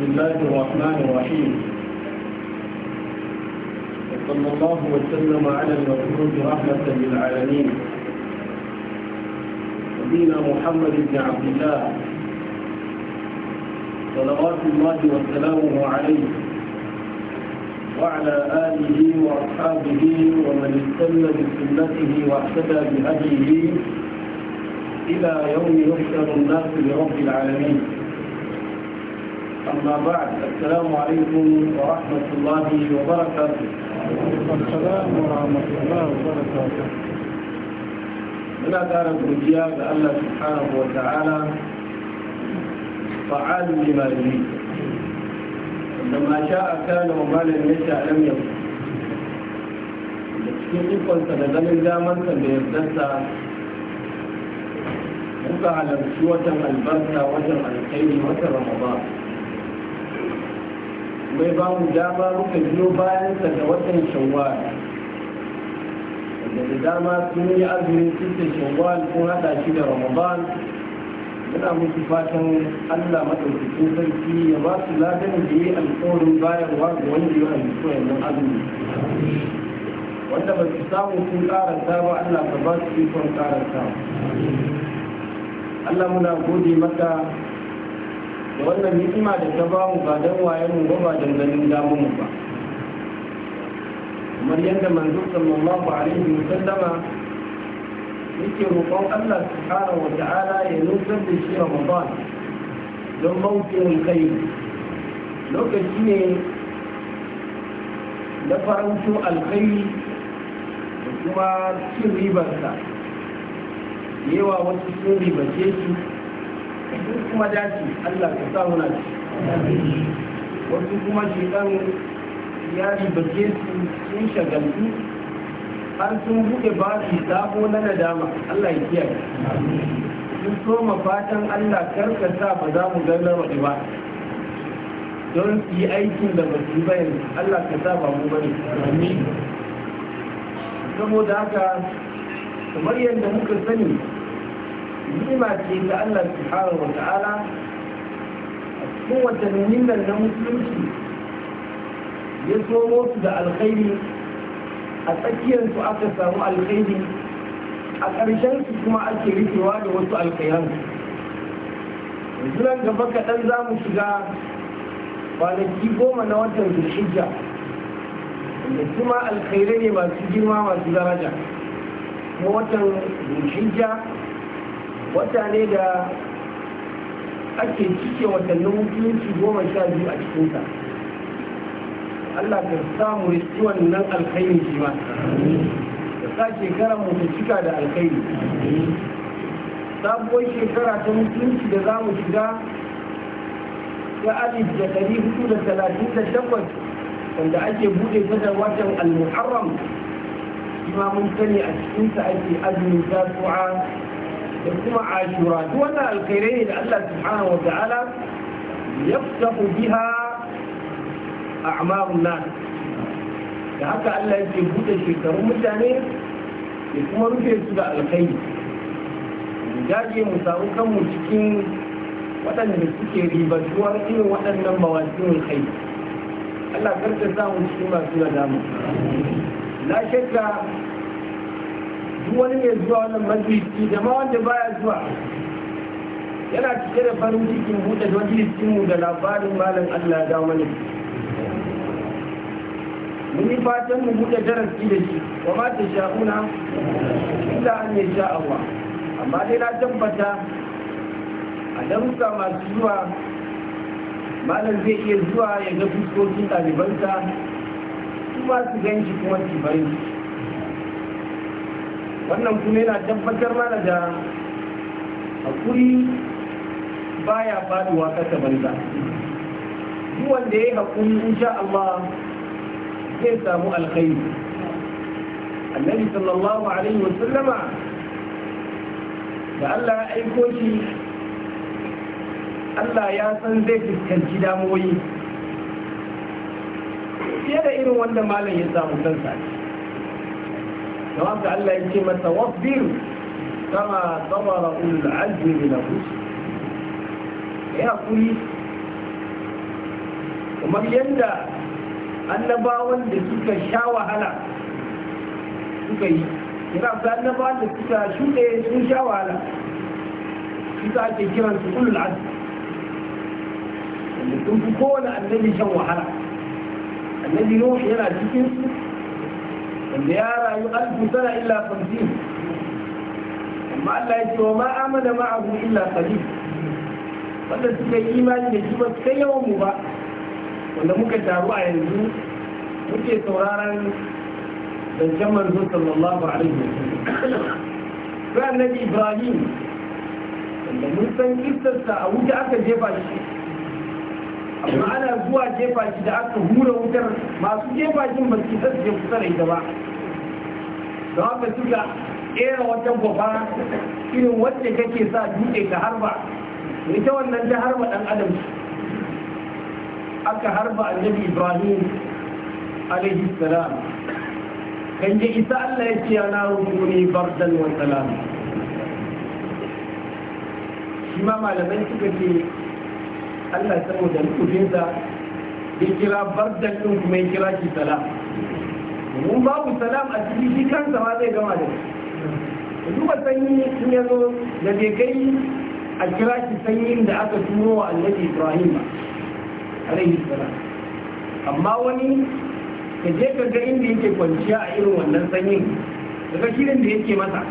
بسم الله الرحمن الرحيم وصلى الله وسلم على المولود رحمة للعالمين نبينا محمد بن عبد الله صلوات الله وسلامه عليه وعلى آله وأصحابه ومن استنى بسنته واهتدى بهديه إلى يوم يحشر الناس لرب العالمين أما بعد السلام عليكم ورحمة الله وبركاته السلام ورحمة الله وبركاته ماذا قال الرجياء الله سبحانه وتعالى فعال لما يريد لما شاء كان وما لم يشاء لم يكن لكن يقول سنزل الزام أنت بيبدأت أنت على سوة البرسة وجه الخير وجه رمضان bai ba mu dama muka biyo bayan sa da watan shawwal da dama sun yi azumin cikin shawwal ko hada shi da ramadan muna musu fatan allah maɗaukakin sarki ya ba su ladan da yi alkawarin bayarwa ga wanda ya halittu yanzu azumi wanda ba su samu sun karanta ba allah ka ba su ikon karanta allah muna gode maka da wannan ni'ima da ta bamu ba don wayen mu ba don ganin damu mu ba kamar yadda manzo sallallahu alaihi wa sallama yake roƙon Allah subhanahu wa ta'ala ya nusar da shi Ramadan don mawqin kai lokaci ne na faranto alkhairi da kuma cin ribarsa yawa wasu sun ribace shi kuma dace Allah ka sa muna ci wasu kuma shekan ya ribace su sun shagaltu har sun buɗe babu sabo na nadama Allah ya kiyaye sun soma fatan Allah sa ba za mu gallama ba don su yi aikin da ba su bayan Allah ka sa ba mu bane saboda haka kamar yadda muka sani nima ce ga Allah subhanahu wa ta'ala a cikin watannin nan na musulunci ya tsoro su da alkhairi a su aka samu alkhairi a ƙarshen su kuma ake rikewa da wasu alkhairan Zunan gaba kaɗan za mu shiga kwanaki goma na watan zulhijja da kuma alkhairai ne masu girma masu daraja kuma watan zulhijja wata ne da ake cike watannin mutunci goma sha biyu a cikinsa Allah ka samu riski wannan alkhairi shi ma ka sa shekarar mu ta cika da alkhairi sabuwar shekara ta mutunci da za mu shiga ta alif da ɗari hudu da talatin da takwas wanda ake buɗe ta da watan al-muharram shi mun sani a cikinsa ake azumin tasu'a da kuma ashura duk wannan alkhairai ne da Allah subhanahu wa ta'ala yaftahu biha a'malun nas da haka Allah yake buɗe shekarun mutane ya kuma rufe su da alkhairi mu dage mu samu kanmu cikin waɗanda suke ribatuwar irin waɗannan mawaƙin kai Allah karka mu cikin masu nadama na shakka wani mai zuwa wannan majalisi da ma wanda baya zuwa yana cike da farin cikin buɗe majalisinmu da labarin malam Allah da mana mun yi fatan mu buɗe darasi da shi wa ma ta sha'una illa an ya sha amma dai na tabbata a darussa masu zuwa malam zai iya zuwa ya ga fuskokin ɗalibansa ba su gan shi kuma su bari wannan kuma yana tabbatar mana da hakuri baya faduwa kasa banza duk wanda ya yi hakuri insha Allah zai samu alkhairi annabi sallallahu alaihi wa sallama da Allah ya aiko shi Allah ya san zai fuskanci damuwoyi fiye da irin wanda malam ya samu kansa رب قال لي كما توفر كما تبر أول العجل لنفسه يا أخوي وما بيندى أن باون لسكة شاوة هلا سكة يرى أن باون لسكة شوكة سكة شاوة هلا سكة كثيرا سكول العجل اللي تنفقون أن النبي شاوة هلا النبي نجي نوح يرى سكة wanda ya rayu alfu sana illa khamsin amma Allah ya ce wa ma amana abu illa qalil wanda suka yi imani da shi ba su kai yawan mu ba wanda muka taru a yanzu muke sauraron zancen manzo sallallahu alaihi wa sallam sai annabi ibrahim wanda mun san kissarsa a wuta aka jefa shi amma ana zuwa jefa shi da aka hura wutar masu jefa shi ba su isa su kusa da ita ba don haka suka ƙera wata gobara irin wacce kake sa dutse ka harba ita wannan ta harba ɗan adam aka harba annabi ibrahim alaihi salam kan je isa allah ya ce yana rukuni bardan wa salam shi ma malamai suka ce allah saboda sa ya kira bardan ɗin kuma ya kira shi salam mun babu salam a cikin shi kansa ma zai gama da shi duba sanyi in ya zo da bai kai a kira shi sanyin da aka tuno wa annabi ibrahim alaihi salam amma wani ka je ka ga inda yake kwanciya a irin wannan sanyin daga shirin da yake masa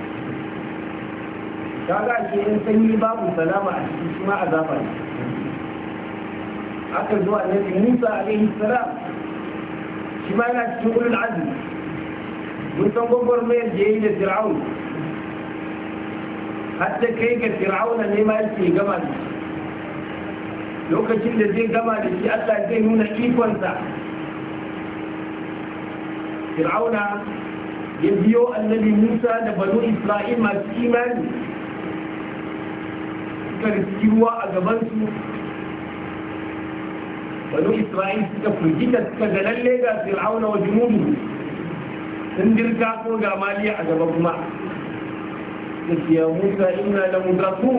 ga shi in sanyi babu salama a cikin shi ma zafa ne aka zuwa annabi musa alaihi shi ma cikin ulul azmi mun san gwagwarmayar da ya yi da fir'aun hatta kai ga fir'auna ne ma yake gama da shi lokacin da zai gama da shi allah zai nuna ikonsa fir'auna ya biyo annabi musa da banu isra'il masu imani suka riski ruwa a gabansu banu isra'il suka firgita suka ga lalle ga fir'auna wa junubu sun dirka ko ga maliya a gaba kuma suke ya musa ina da mudraku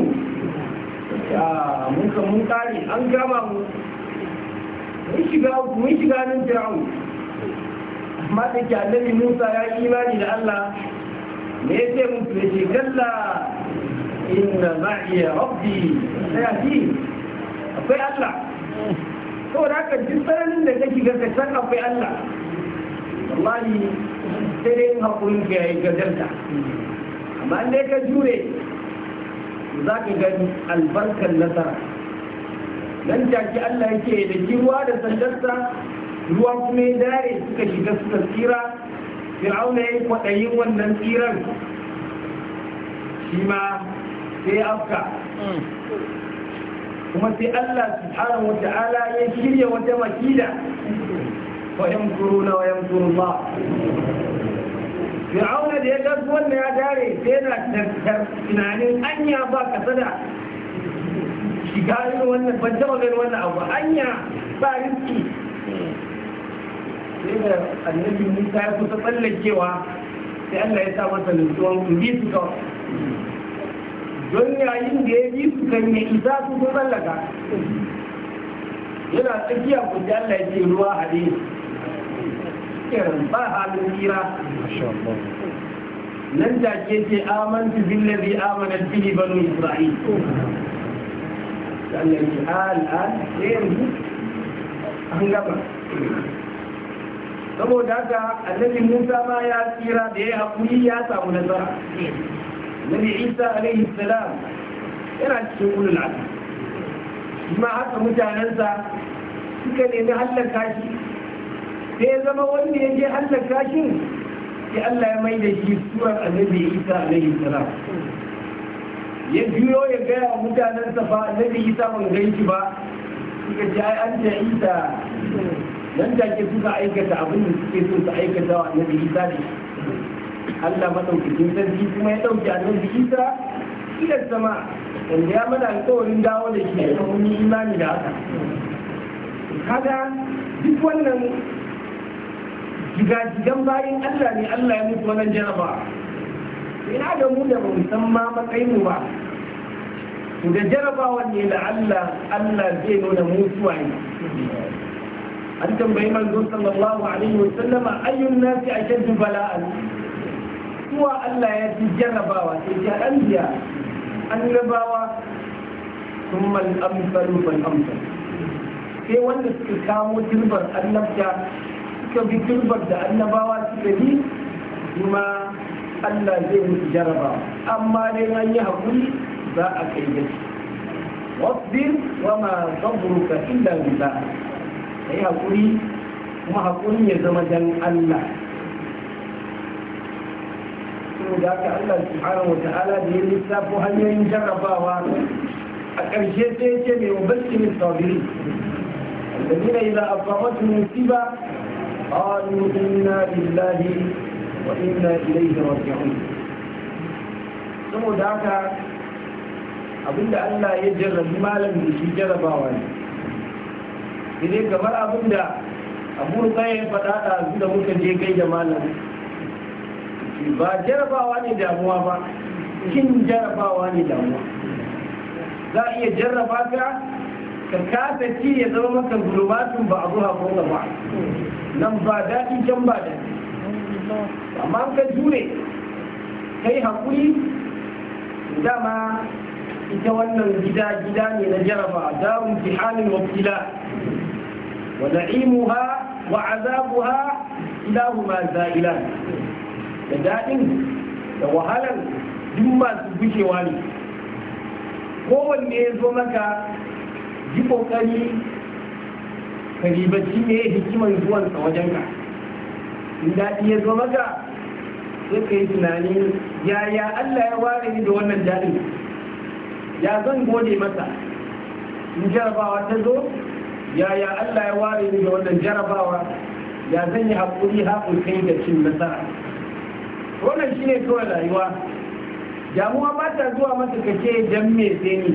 ya muka mun kare an gama mu mun shiga mun shiga amma da ke musa ya imani da allah me ya ce musu ya ce kalla inna ma'iya rabbi sayati akwai allah saboda haka duk tsananin da kake ga san akwai Allah wallahi sai dai hakurin ka yayi gajarta amma in dai ka jure za ka gani albarkar nasara nan ki Allah yake da ruwa da sandarsa ruwa kuma ya dare suka shiga suka tsira fir'auna ya yi kwaɗayin wannan tsiran shi ma sai afka hmm. kuma sai Allah subhanahu wa ta'ala ya shirya wata makida wa na wa yamkurullah Auna da ya gasu wanda ya dare sai yana tunanin anya ba da shiga yin wannan ban taba ganin wannan abu anya ba riski sai da annabi Musa ya kusa tsallakewa sai Allah ya sa masa nutsuwan in su kawai don yayin da ya ji su kan ya isa su kun tsallaka yana tsakiya ku ji Allah ya ce ruwa hade ba halin tsira. nan da ke ce amantu billazi amanat fili banu isra'il Allah ya ce al'an sai yanzu an gaba saboda haka annabi Musa ma ya tsira da ya haƙuri ya samu nasara nabi isa alayhi salam yana cikin ulul azmi kuma haka mutanensa suka nemi hallaka shi sai zama wanda ya je hallaka shi sai Allah ya mai da shi surar annabi isa alayhi salam ya biyo ya gaya wa mutanensa ba annabi isa ban ganki ba suka ce ai an ta isa nan take suka aikata abin da suke so su aikata wa annabi isa ne Allah madaukakin sarki kuma ya dauki annabi Isa ila sama wanda ya mana alƙawarin dawo da shi da mun yi imani da haka kaga duk wannan jigajigan bayan Allah ne Allah ya mutu wannan jaraba ina da mu da ba mu san ma matsayin mu ba da jarabawan ne da Allah Allah zai nuna mutuwa ne an tambayi manzo sallallahu alaihi wa sallama ayyun nasi ashaddu bala'an kuwa Allah ya fi jarrabawa sai ta anbiya annabawa sun mal amsalu fal amsal sai wanda suka kamo jirbar annabta suka bi jirbar da annabawa suka bi kuma Allah zai musu jarrabawa amma dai an yi hakuri za a kai shi wasbir wa ma sabruka illa billah kai hakuri kuma haƙuri ya zama dan Allah saboda haka Allah subhanahu wa ta'ala da ya lissafo hanyoyin jarrabawa a ƙarshe sai ce mai wabashin sabiri الذين إذا أصابتهم مصيبة قالوا إنا لله وإنا إليه راجعون saboda haka abinda Allah ya jarrabi malam da shi jarrabawa ne sai dai kamar abinda abu ya faɗaɗa su da muka je kai da malam ba jarabawa ne damuwa ba cin jarabawa ne damuwa za a iya jarraba ka ka kasa ci ya zama maka gulubatun ba a ha kuma ba nan ba daɗi can ba da amma ka jure kai haƙuri dama ita wannan gida gida ne na jaraba darun jihanin wakila wa na'imuha wa azabuha ma za'ilan da daɗin da wahalar duk masu gushewa ne kowanne ya zo maka ji ƙoƙari ka ribaci ne hikimar zuwansa wajenka in daɗi ya zo maka sai ka yi tunani yaya Allah ya ware ni da wannan daɗin ya zan gode masa in jarabawa ta zo yaya Allah ya ware ni da wannan jarabawa ya zan yi haƙuri haƙuri kai da cin nasara wannan shine kawai rayuwa damuwa ba ta zuwa masa kace dan me sai ni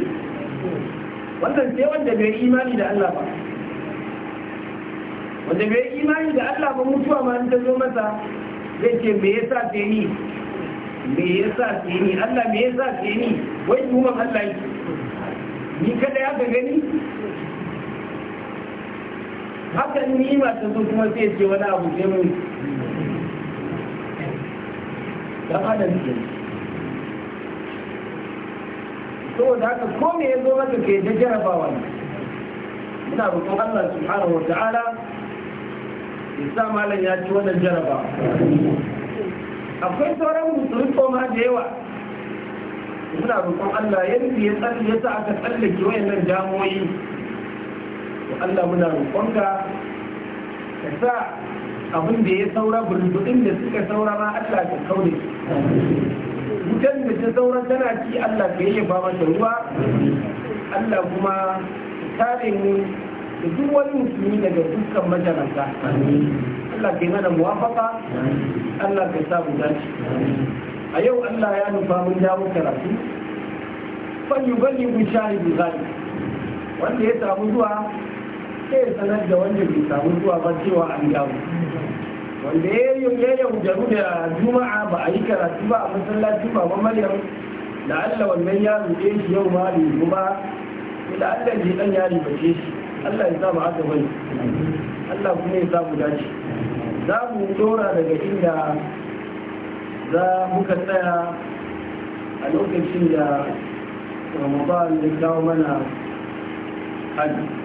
wannan sai wanda bai imani da Allah ba wanda bai imani da Allah ba mutuwa ma ta zo masa zai ce me yasa sai ni me yasa sai ni Allah me yasa sai ni wai ma Allah ni kada ya ga gani hakan ni ma ta zo kuma sai ce wani abu sai mu dan adam ke saboda haka ko me ya zo maka ke da jarabawa ne muna roƙon Allah subhanahu wa ta'ala ya sa malam ya ci wannan jarabawa akwai sauran musulun koma da yawa ina roƙon Allah ya rufe ya tsalle ya sa aka tsallake wayannan damoyi to Allah muna roƙonka ka sa abin da ya saura burbuɗin da suka saura ma Allah ka kaure wutar da ta zaura tana ci Allah ka yi ba mata ruwa Allah kuma ta mu da duk wani musulmi daga dukkan majalanta Allah ka yi mana muwafaka Allah ka sa mu dace a yau Allah ya nufa mun dawo karatu fa yuballighu shahidu zalim wanda ya samu zuwa sai sanar da wanda bai samu zuwa ba cewa an dawo wanda ya yaudaru da juma'a ba a yi karatu ba a masallaci ba ba maryam da allah wannan ya ruɗe shi yau ma da kuma da allah ji dan ya ribace shi allah ya samu haka bane allah kuma ya samu dace za mu dora daga inda za muka tsaya a lokacin da ramadan ya kawo mana hajji